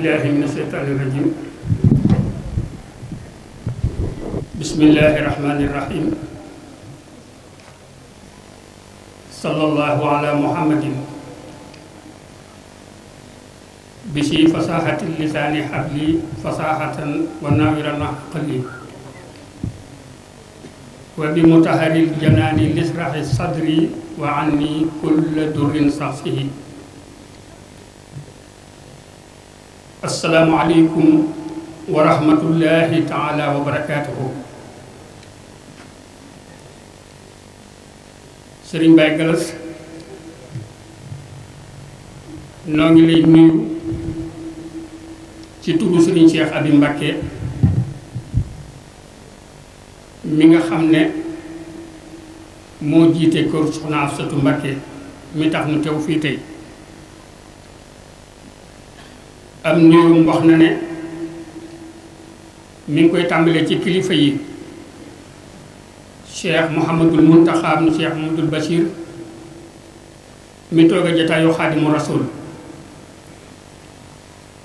billahi min asheytaani irrajim bismillahi rahmaani irrahim sallallahu ala muhammadin bisi fasahati lisaani habli fasahatan wa nawiran aqli wa bi mutahari janaani lisrahi sadri wa anni kulla durrin safihi asalaamualeykum wa rahmatullahi taala wa barakaatuhu sëriñ Baye Galas noo ngi lay nuyu ci turu sëriñ Cheikh Abi Mbacké mi nga xam ne moo jiite kër Soxna Astou Mbacké mi tax nu teew fii tey am nuyum wax na ne mi ngi koy tàmbalee ci kilifa yi cheikh Mouhamadul Mountakha am cheikh Mouhamadul Bachir mi toog a jataayu xaadimu rasul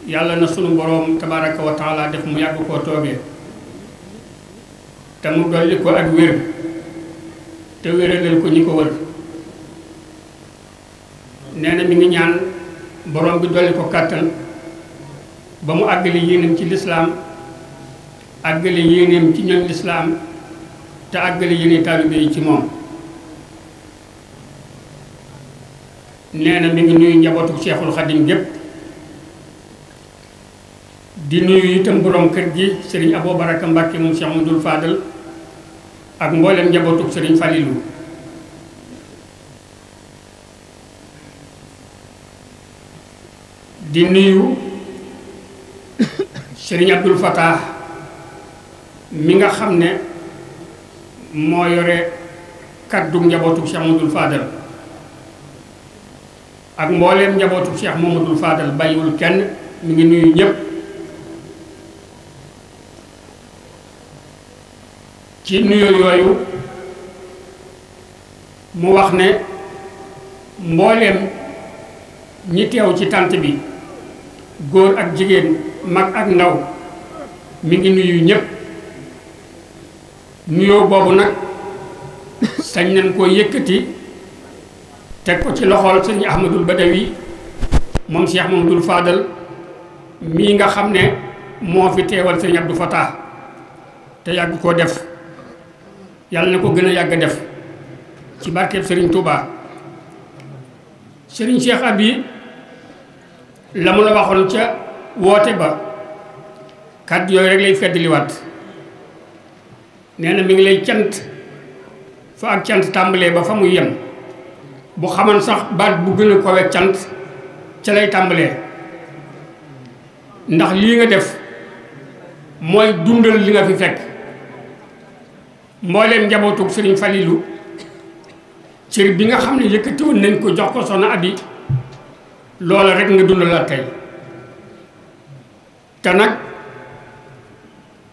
yàlla na sunu boroom tabaraka wa taala def mu yàgg koo toogee te mu dolli ko ak wér te wéralal ko ñi ko wër nee na mi ngi ñaan boroom bi dolli ko kàttan ba mu àggale yéeneem ci lislaam àggale yéeneem ci ñoñ lislaam te àggale yéene taalibe ci moom nee na mi ngi nuyu njabootu Cheikhul Khadim gépp di nuyu itam borom kër gi sëriñ Abou Baraka Mbàkke moom Cheikh Moudoul Fadal ak mboolem njabootu sëriñ Falilou di nuyu sëriñ Abdul Fattah mi nga xam ne moo yore kaddu njabootu Cheikh Mamadou Fadal ak mbooleem njabootu Cheikh Mamadou Fadal bàyyiwul kenn mi ngi nuyu ñëpp ci nuyu yooyu mu wax ne mbooleem ñi teew ci tant bi góor ak jigéen mag ak ndaw mi ngi nuyu ñëpp nuyoo boobu nag sañ nañ koo yëkkati teg ko ci loxool sëñ Ahmadul Badawi moom Cheikh Mamadul Fadal mii nga xam ne moo fi teewal sëñ du Fatah te yàgg koo def yàlla na ko gën a yàgg def ci barkeeb sëriñ Touba sëriñ Cheikh Abi la mu la waxoon ca woote ba kàddu yooyu rek lay feddliwaat nee na mu ngi lay cant fa ak cant tàmbalee ba fa muy yem bu xamoon sax baat bu gën a kowe cant ca lay tàmbalee ndax lii nga def mooy dundal li nga fi fekk mbooleem njabootug Sëriñ Falilu cër bi nga xam ne yëkkatiwoon nañ ko jox ko soxna Abi loola rekk nga dundalaat tey te nag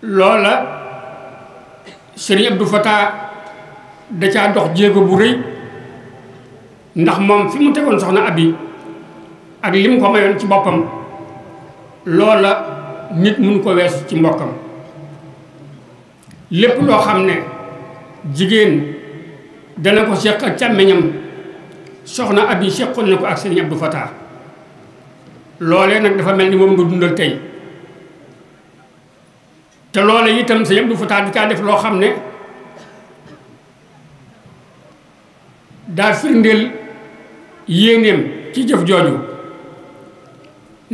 loola Serigne Abdou Fatah da caa dox jéego bu rëy ndax moom fi mu tegoon soxna abi ak li mu ko mayoon ci boppam loola nit mun ko wees ci mbokkam lépp loo xam ne jigéen dana ko seq ak càmmeñam soxna abi seqoon na ko ak Serigne Abdou Fatah loolee nag dafa mel ni moom nga dundal tey te loole itam sa yëpp du futaat di caa def loo xam ne daa firndeel yéeneem ci jëf jooju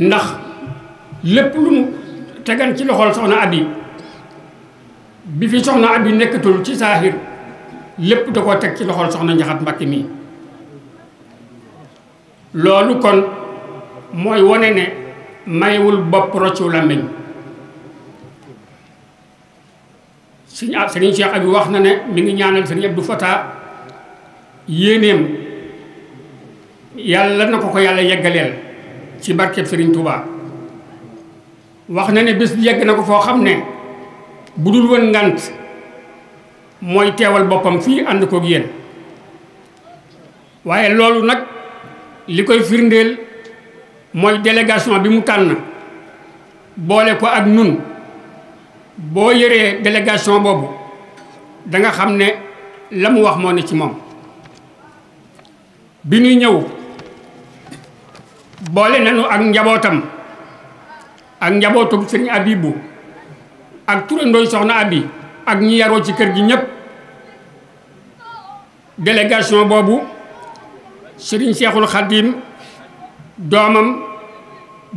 ndax lépp lu mu tegan ci loxol soxna abi bi fi soxna abi nekkatul ci saaxir lépp da koo teg ci loxol soxna njaxat mbàkki mii loolu kon mooy wone ne maywul bopp roccu làmmiñ sëñ ab seex ak Abi wax na ne mi ngi ñaanal sëriñ Abdou Fata yéeneem yàlla na ko ko yàlla yeggaleel ci barkeb sëriñ Touba wax na ne bés bi yegg na ko foo xam ne bu dul woon ngant mooy teewal boppam fii ànd koog yéen waaye loolu nag li koy firndeel mooy délégation bi mu tànn boole ko ak nun boo yëree délégation boobu danga xam ne la mu wax moo ne ci moom bi ñuy ñëw boole nañu ak njabootam ak njabootu sëriñ Abibu ak turandooy soxna Abi ak ñu yaroo ci kër gi ñépp délégation boobu sëriñ Seexul Xadim doomam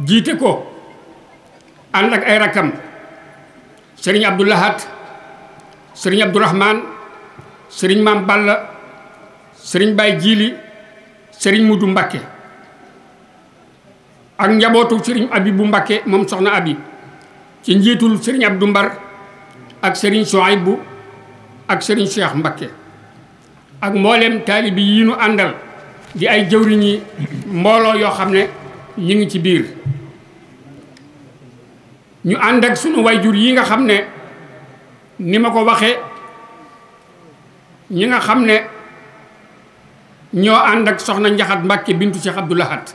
jiite ko ànd ak ay rakkam sëriñ Abdou Lahad sëriñ Abdou Rahman sëriñ Maam Balla sëriñ Baye Jili sëriñ Mudu Mbakke ak njabootu sëriñ Abibu Mbakke moom soxna Abi ci njiitul sëriñ Abdou Mbar ak sëriñ Soaybu ak sëriñ Cheikh Mbakke ak mboolem taalibi yi nu àndal di ay jëwriñi mbooloo yoo xam ne ñu ngi ci biir ñu ànd ak sunu jur yi nga xam ne ni ma ko waxee ñi nga xam ne ñoo ànd ak soxna njaxat mbàkke bintu Cheikh Abdou Lahad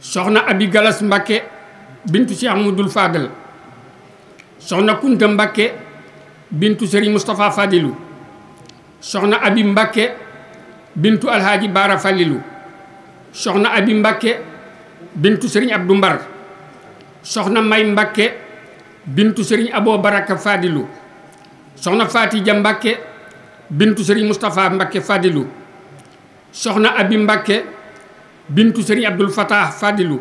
soxna abi galas mbàkke bintu Cheikh Amadou Fadal soxna kunta mbàkke bintu Serigne Moustapha Fadilu soxna abi mbàkke bintu alxaaji baara fàllilu soxna abi mbàkke bintu sëriñ abdu mbar soxna may mbàkke bintu sëriñ aboo baraka fadilu soxna fatija mbàkke bintu sëriñ mustapha mbàkke fadilu soxna abi mbàkke bintu sëriñ abdul fatah fadilu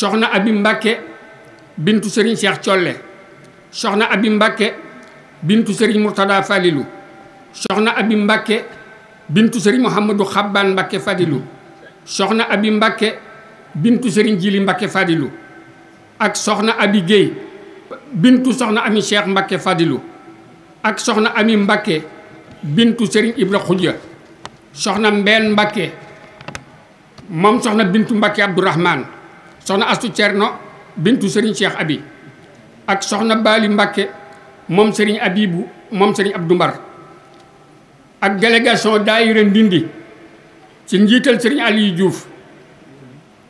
soxna abi mbàkke bintu sëriñ seex colle soxna abi mbàkke bintu sëriñ murtada fadilu soxna abi mbàkke bintu sëriñ Mouhamadou Xabbaan Mbacke Fadilu soxna Abi Mbacke bintu sëriñ Jili Mbacke Fadilu ak soxna Abi Guèye bintu soxna Ami Cheikh Mbacke Fadilu ak soxna Ami Mbacke bintu sëriñ Ibra Xujja soxna Mbeen Mbacke moom soxna bintu Mbacke Abdourahman soxna Astu Cerno bintu sëriñ Cheikh Abi ak soxna Baali Mbacke moom sëriñ Abibu moom sëriñ Abdou Mbar ak délégation daayira Ndindi ci njiital sëriñ Aliou Diouf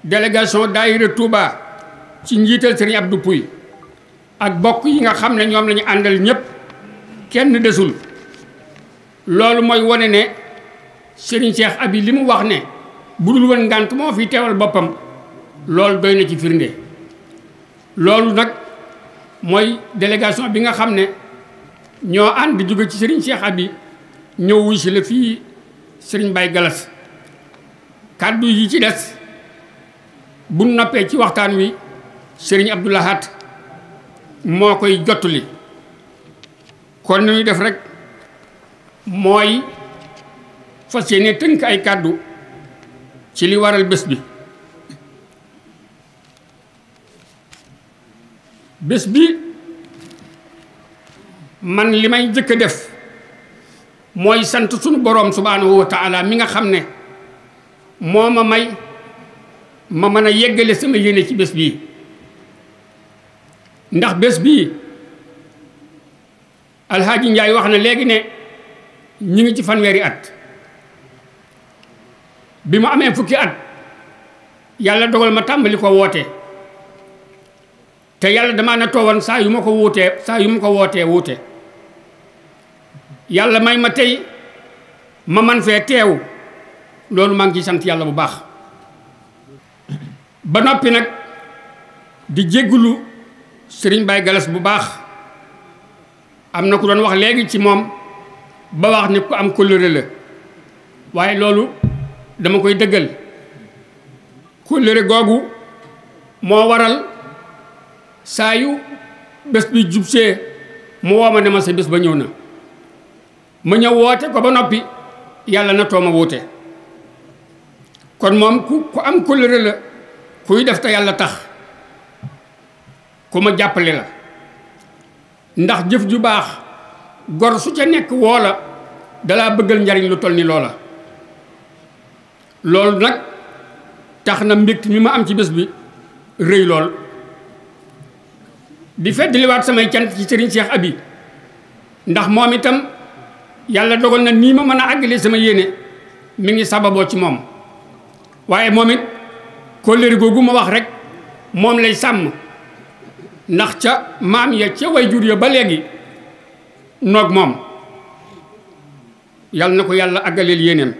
délégation daayira Touba ci njiital sëriñ Abdou Pouy ak bokk yi nga xam ne ñoom lañu ñu àndal ñëpp kenn desul loolu mooy wane ne sëriñ Cheikh Abi li mu wax ne bu dul woon ngànt moo fi teewal boppam loolu doy na ci firnde loolu nag mooy délégation bi nga xam ne ñoo ànd jóge ci sëriñ Cheikh Abi ñëw wuy si la fii sëriñ Baye Galas kàddu yi ci des bu noppee ci waxtaan wi sëriñ Abdou Lahad moo koy jottali kon ni ñuy def rekk mooy fas yéene tënk ay kàddu ci li waral bés bi bés bi man li may jëkk a def mooy sant sunu boroom subhaanahu wa mi nga xam ne moo ma may ma mën a yéggale sama yéene ci bés bii ndax bés bi alxaaji njaay wax na léegi ne ñu ngi ci fanweeri at bi ma amee fukki at yàlla dogal ma tàmbali ko woote te yàlla damaa na toowoon saa yu ma ko wuutee saa yu ma ko wootee wuute yàlla may ma tey ma man fee teew loolu maa ngi ciy sant yàlla bu baax ba noppi nag di jéggulu sëriñ Baye Galas bu baax am na ku doon wax léegi ci moom ba wax ni ku am kóllëre la waaye loolu dama koy dëggal kóllëre googu moo waral saa yu bés bi jubsee mu woo ma ne ma sa bés ba ñëw na mu ñëw woote ko ba noppi yàlla na tooma wuute kon moom ku ku am kóllëre la kuy def te yàlla tax ku ma jàppale la ndax jëf ju baax gor su ca nekk woo la dalaa bëggal njariñ lu toll ni loola loolu nag tax na mbégte mi ma am ci bés bi rëy lool di feddliwaat samay cant ci sëriñ Cheikh Abi ndax moom itam yàlla dogal na nii ma mën a àggale sama yéene mu ngi sababoo ci moom waaye moom it kóllëre googu ma wax rek moom lay sàmm ndax ca maam ya ca way jur ya ba léegi noog moom yàlla na ko yàlla àggaleel yéeneem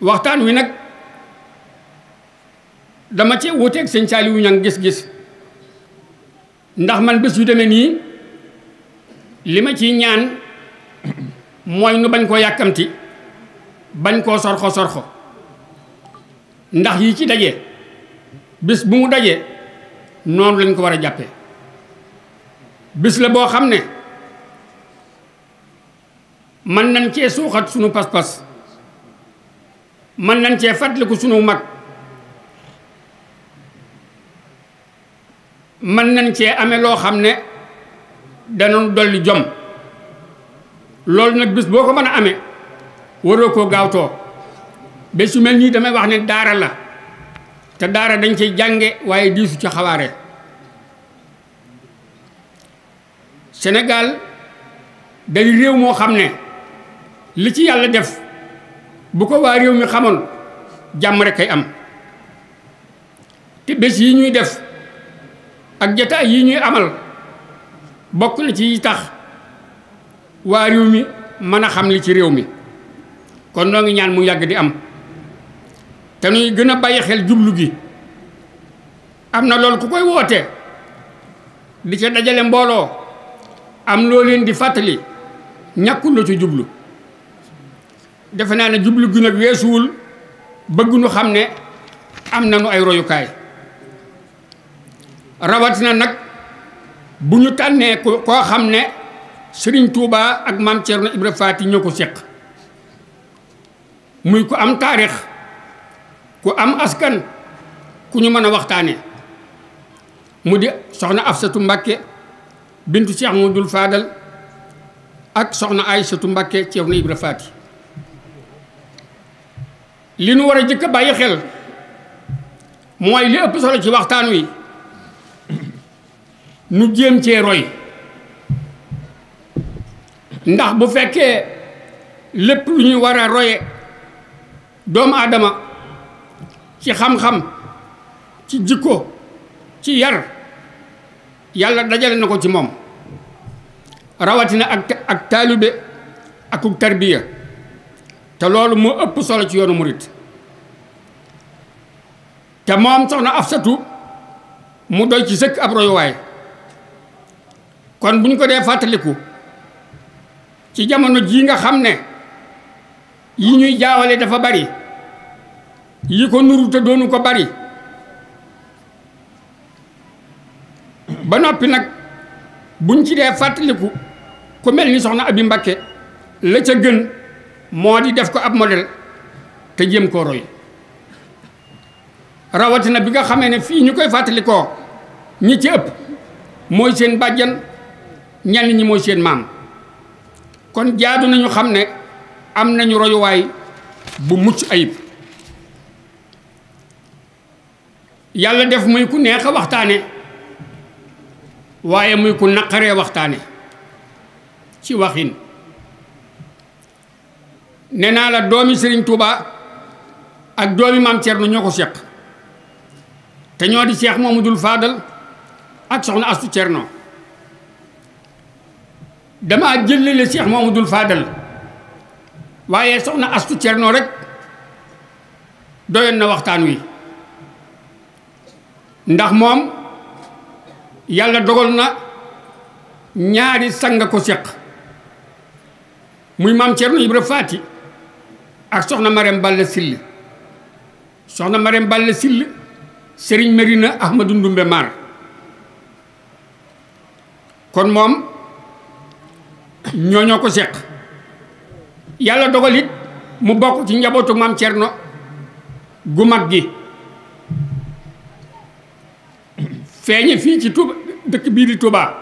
waxtaan wi nag dama ci wuteeg sëñ Saaliwu Ñaŋ gis-gis ndax man bés yu demee nii li ma ciy ñaan mooy nu bañ koo yàkkamti bañ koo sorxo sorxo ndax yi ci daje bis bu mu dajee noonu lañ ko war a jàppee bis la boo xam ne mën nañ cee suuxat sunu pas-pas mën nañ cee fàttaliku sunu mag mën nañ cee amee loo xam ne danoon dolli jom loolu nag bés boo ko mën a amee waroo koo gaawtoo bés yu mel nii damay wax ne daara la te daara dañ ciy jànge waaye diisu ci xawaare Sénégal day réew moo xam ne li ci yàlla def bu ko waa réew mi xamoon jàmm rek ay am te bés yi ñuy def ak jataay yi ñuy amal bokk na ci tax waa réew mi mën a xam li ci réew mi kon noo ngi ñaan mu yàgg di am te nuy gën a bàyyi xel jublu gi am na loolu ku koy woote di ca dajale mbooloo am loo leen di fàttali ñàkkul la ci jublu defe naa ne jublu gi nag weesuwul bëgg nu xam ne am na nu ay royukaay rawatina nag bu ñu tànnee koo xam ne sëriñ Touba ak maam Thierno Ibra Faati ñoo ko seq muy ku am taarix ku am askan ku ñu mën a waxtaane mu di soxna Afsatu Mbàkke bintu Cheikh dul Fadal ak soxna Aysatu Mbàkke Thierno Ibra Faati li nu war a jëkk bàyyi xel mooy li ëpp solo ci waxtaan wi nu jéem cee roy ndax bu fekkee lépp lu ñuy war roye doomu aadama ci xam-xam ci jikko ci yar yàlla dajale na ko ci moom rawatina ak ak taalibe akuk tarbiya te loolu moo ëpp solo ci yoonu murit te moom soxna Afsatu mu doy ci sëkk ab royuwaay kon bu ñu ko dee fàttaliku ci jamono jii nga xam ne yi ñuy jaawale dafa bari yi ko nuru te doonu ko bari ba noppi nag buñ ci dee fàttaliku ku mel ni soxna Abi Mbakke la ca gën moo di def ko ab modèle te jéem koo roy rawatina bi nga xamee ne fii ñu koy fàttalikoo ñi ci ëpp mooy seen bàjjan ñenn ñi mooy seen maam kon jaadu nañu xam ne am nañu royuwaay bu mucc ayib yàlla def muy ku neex a waxtaane waaye muy ku naqaree waxtaane ci waxin ne naa la doomi sëriñ Touba ak doomi maam Thierno ñoo ko seq te ñoo di mu Mamadou Fadal ak soxna Astou Thierno damaa jëlale Cheikh dul faadal waaye soxna Astu Cerno rek doyoon na waxtaan wi ndax moom yàlla dogal na ñaari nga ko seq muy maam Cerno Ibra Faati ak soxna Marème Balla Sill soxna Marème Balla Sill Serigne Merina Ahmadou Ndumbe Mar kon moom ñoo ñoo ko seq yàlla dogal mu bokk ci njabootu maam Cerno gu mag gi feeñe fii ci Tuuba dëkk bii di Tuuba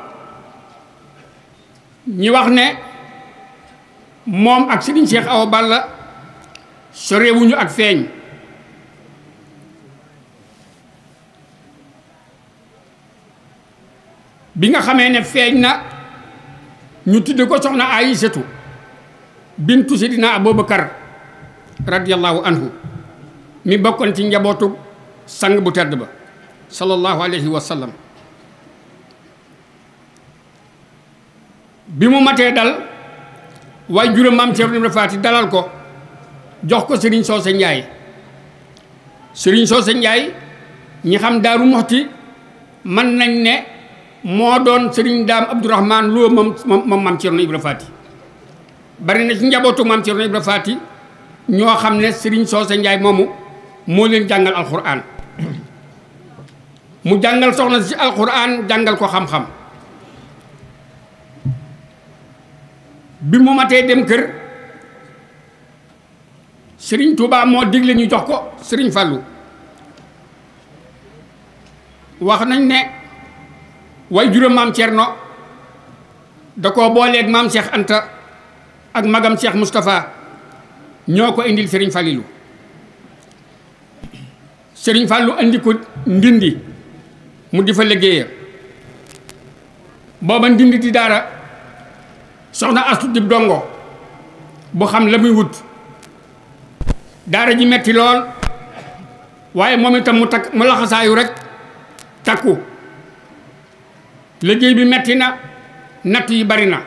ñi wax ne moom ak Serigne Cheikh Awa Balla sorewuñu ak feeñ bi nga xamee ne feeñ na ñu tudde ko soxna Aysatu bintu sidina Abubakar radiyallahu anhu mi bokkoon ci njabootu sang bu tedd ba sallallahu alayhi wa bi mu matee dal waaye juróom maam Cerno Ibra Faati dalal ko jox ko Serigne Socé Ndiaye Serigne Socé Ndiaye ñi xam Daaru Muxti mën nañ ne moo doon sëriñ daam abdourahman loo moom moom mam Cerno Ibra Faati bari na ci njabootu mam Cerno Ibra Faati ñoo xam ne sëriñ soo soose njaay moomu moo leen jàngal alxuraan mu jàngal soxna si alxuraan jàngal ko xam-xam bi mu matee dem kër sëriñ Touba moo digle ñu jox ko sëriñ Fallou wax nañ ne way juróom maam Cerno da koo booleeg maam Cheikh Anta ak magam Cheikh Moustapha ñoo ko indil Serigne Fallilou Serigne Fallou andi ko ndindi mu di fa liggéeya booba ndindi di daara soxna astu dib dongo bu xam la muy wut daara ji metti lool waaye moom itam mu takk mu laxasaayu rek takku liggéey bi metti na natt yi bari na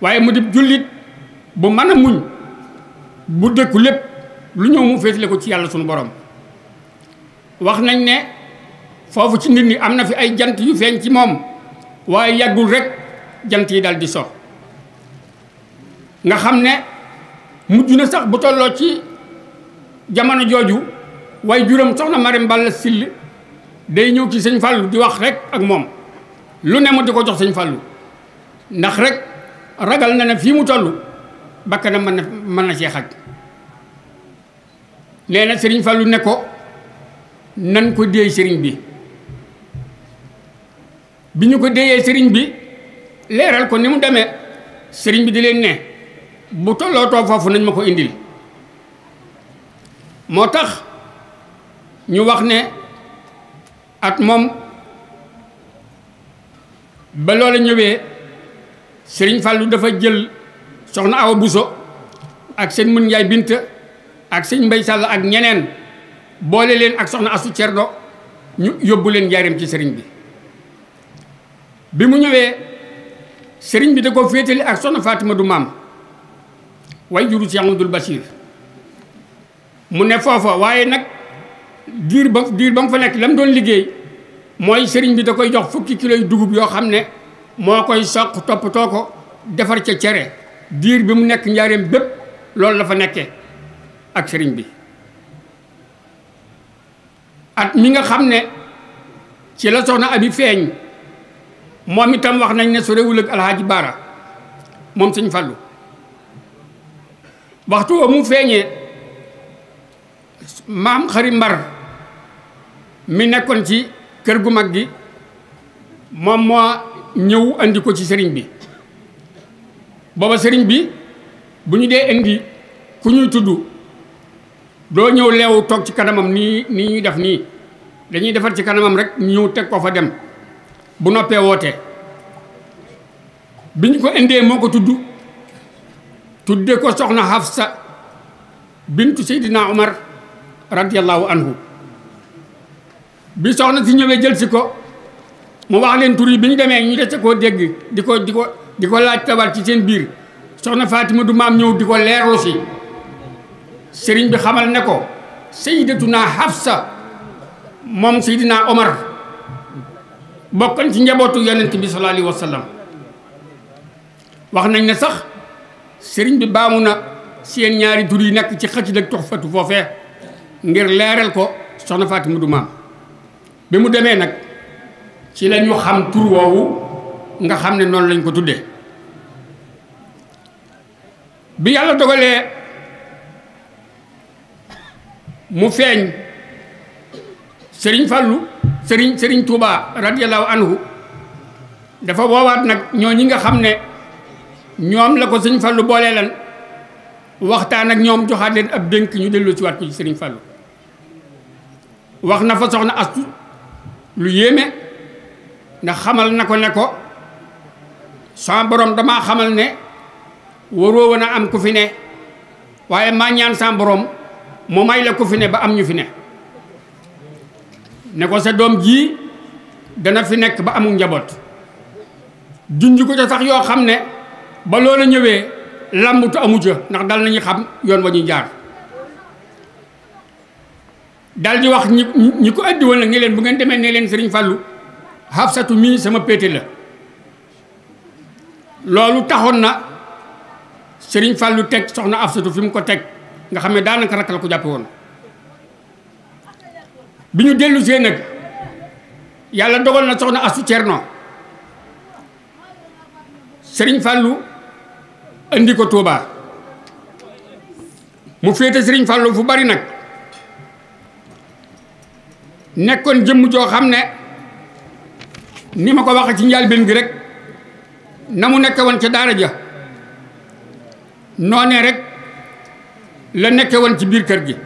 waaye mu di jullit bu mën a muñ bu dëkku lépp lu ñëw mu féetale ko ci yàlla sunu borom wax nañ ne foofu ci nit ñi am na fi ay jant yu feeñ ci moom waaye yàggul rekk jant yi dal di so nga xam ne mujj na sax bu tolloo ci jamono jooju waaye juróom soxna Maram Balla Sill day ñëw ci sëñ Fàllu di wax rekk ak moom lu ne mu di ko jox sëñ fallu ndax rek ragal na ne fii mu toll bakkanam mën na mën na cee xaj nee na sëriñ Fallou ne ko nan ko déey sëriñ bi bi ñu ko déeyee sëriñ bi leeral ko ni mu demee sëriñ bi di leen ne bu tolloo too foofu nañ ma ko indil moo tax ñu wax ne at moom ba loola ñëwee sëriñ Fallou dafa jël soxna aw buso ak sëñ Mun Njaay Binta ak sëñ Mbay Sàll ak ñeneen boole leen ak soxna Asu Cerno ñu yóbbu leen njaareem ci sëriñ bi bi mu ñëwee sëriñ bi da ko féetali ak soxna Fatima du maam way juru Cheikh Amadou Bachir mu ne foofa waaye nag diir ba diir ba mu fa nekk la mu doon liggéey mooy sëriñ bi da koy jox fukki kilo yu dugub yoo xam ne moo koy soq toppatoo ko defar ca cere diir bi mu nekk njaareem bépp loolu dafa fa nekkee ak sëriñ bi at mi nga xam ne ci la soxna abi feeñ moom itam wax nañ ne sorewul ak alxaaji baara moom sëñ falu waxtu wa mu feeñee maam xari mbar mi nekkoon ci kër gu mag gi moom moo ñëw andi ko ci sëriñ bi booba sëriñ bi bu ñu dee indi ku ñuy tudd doo ñëw leewu toog ci kanamam nii ni ñuy def nii dañuy defar ci kanamam rek ñëw teg ko fa dem bu noppee wootee bi ñu ko indee moo ko tudd tudde ko soxna Hafsa bintu Seydina Omar radiyallahu anhu bi soxna si ñëwee jël si ko mu wax leen tur bi ñu demee ñu des koo dégg di ko di ko di ko laaj tabar ci seen biir soxna faatima du maam ñëw di ko leerlu si sëriñ bi xamal ne ko naa Hafsa moom naa Omar bokkan ci njabootu yonent bi sallallahu alayhi wa sallam wax nañ ne sax sëriñ bi baamu na seen ñaari tur yi nekk ci xëcc ak tuxfatu foofee ngir leeral ko soxna Fatima du maam bi mu demee nag ci la ñu xam tur woowu nga xam ne noonu lañ ko tuddee bi yàlla dogalee mu feeñ sëriñ fàllu sëriñ sëriñ Touba radiyallahu anhu dafa woowaat nag ñoo ñi nga xam ne ñoom la ko sëriñ fàllu boolee lan waxtaan ak ñoom joxaat leen ab dénk ñu dellu ci waat ko ci sëriñ fàllu wax na fa soxna astu lu yéeme ndax xamal na ko ne ko sama damaa xamal ne waroo woon am ku fi ne waaye maa ñaan sama borom mu may la ku fi ne ba am ñu fi ne ne ko sa doom jii dana fi nekk ba amul njaboot junj ko ca sax yoo xam ne ba loola ñëwee làmbatu amu ca ndax dal nañu xam yoon wa ñuy jaar daal di wax ñi ñi ko addi woon la ne bu ngeen demee ne leen sëriñ fàllu xafsatu mii sama péete la loolu taxoon na sëriñ fàllu teg soxna xafsatu fi mu ko teg nga xam ne daanaka rakk ko jàppe woon bi ñu dellu see nag yàlla dogal na soxna astu cerno sëriñ fàllu indi ko Tuubaa mu féete sëriñ fàllu fu bari nag nekkoon jëmm joo xam ne ni ma ko waxee ci njëlbéen gi rek na mu nekke woon ca daara ja noonee rek la nekke woon ci biir kër gi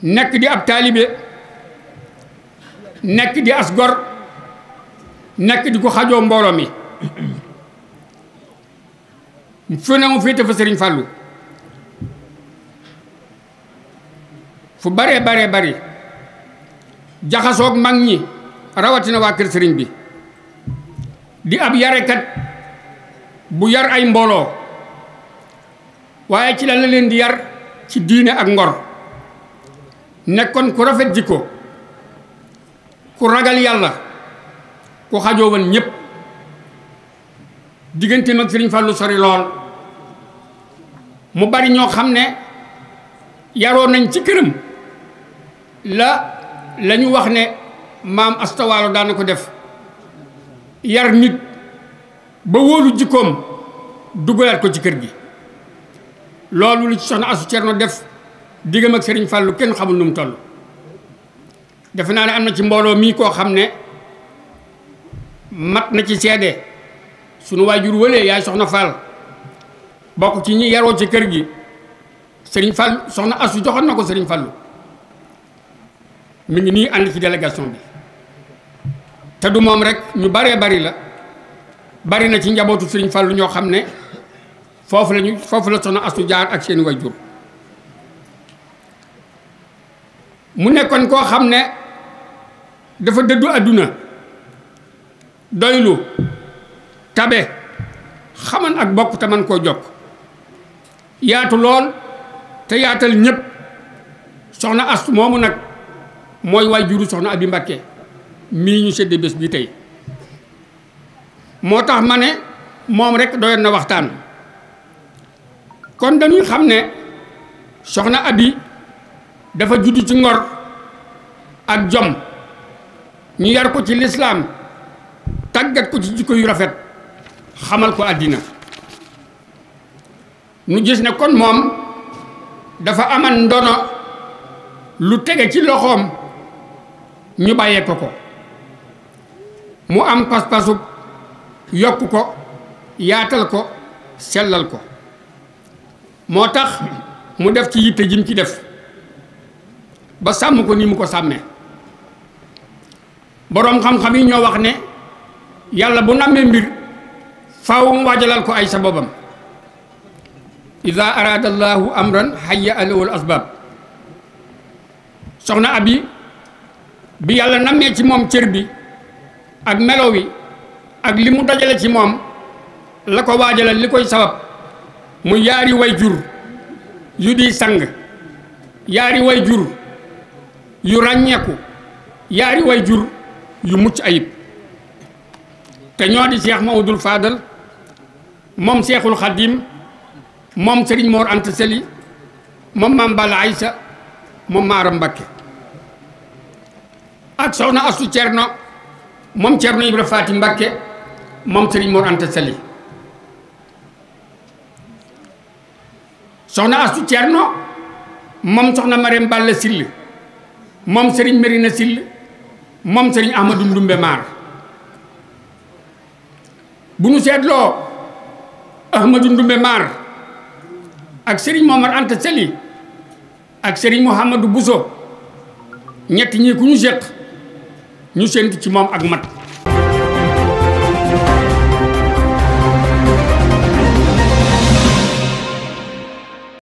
nekk di ab taalibe nekk di as gor nekk di ko xajoo mbooloo mi fu ne mu féete fa Sëriñ Fàllu fu baree baree bari jaxasoog mag ñi rawatina waa kër sëriñ bi di ab yarekat bu yar ay mbooloo waaye ci lan leen di yar ci diine ak ngor nekkoon ku rafet jikko ku ragal yàlla ku xajoowoon ñépp diggante mag sëriñ Fallou sori lool mu bari ñoo xam ne yaroo nañ ci këram la lañu wax ne maam astawaalo daan na ko def yar nit ba wóolu jikkoom duggalaat ko ci kër gi loolu lu ci soxna asu cerno def diggam ak sëriñ fàllu kenn xamul nu mu toll defe naa ne am na ci mbooloo mii koo xam ne mat na ci seede sunu waajur wëlee yaay soxna Fall bokk ci ñi yaroo ci kër gi sëriñ Fall soxna asu joxoon na ko sëriñ fàllu mi ngi nii ànd ci délégation bi te du moom rekk ñu baree bari la bari na ci njabootu Serigne Fallou ñoo xam ne foofu la ñu foofu la soxna Astu jaar ak seen wayjur mu nekkoon koo xam ne dafa dëddu àdduna doylu tabe xaman ak bokk te man koo jokk yaatu lool te yaatal ñépp soxna Astu moomu nag mooy waay juru soxna abi Mbàkke mii ñu séddee bés bi tey moo tax ma ne moom rek doyoon na waxtaan kon dañuy xam ne soxna abi dafa judd ci ngor ak jom ñu yar ko ci lislaam tàggat ko ci jikko yu rafet xamal ko àddina nu gis ne kon moom dafa amal ndono lu tege ci loxoom ñu bàyyee ko ko mu am pas-pasu yokk ko yaatal ko sellal ko moo tax mu def ci yitte jim ci def ba sàmm ko ni mu ko sàmmee boroom xam-xam yi ñoo wax ne yàlla bu nammee mbir faaw mu waajalal ko ay sababam ida araada allahu amran hayya alawul asbaab soxna abi bi yàlla nammee ci moom cër bi ak melo wi ak li mu dajale ci moom la ko waajale li koy sabab mu yaari way jur yu di sang yaari way jur yu ràññeeku yaari way jur yu mucc ayib te ñoo di Cheikh Maodul Fadal moom Cheikhul Khadim moom Serigne Mor Anta Seli moom Maam Balla Aïssa moom Maaram Mbakke ak soxna astu cerno moom cerno ibra faati mbàkke moom sëriñ mor anta sali soxna astu cerno moom soxna marem balla sill moom sëriñ marina sil moom sëriñ ahmadu ndumbe maar bu nu seetloo ahmadu ndumbe maar ak sëriñ momar anta sali ak sëriñ mouhamadou bousso ñett ñii ku ñu séq ñu séntu ci moom ak mat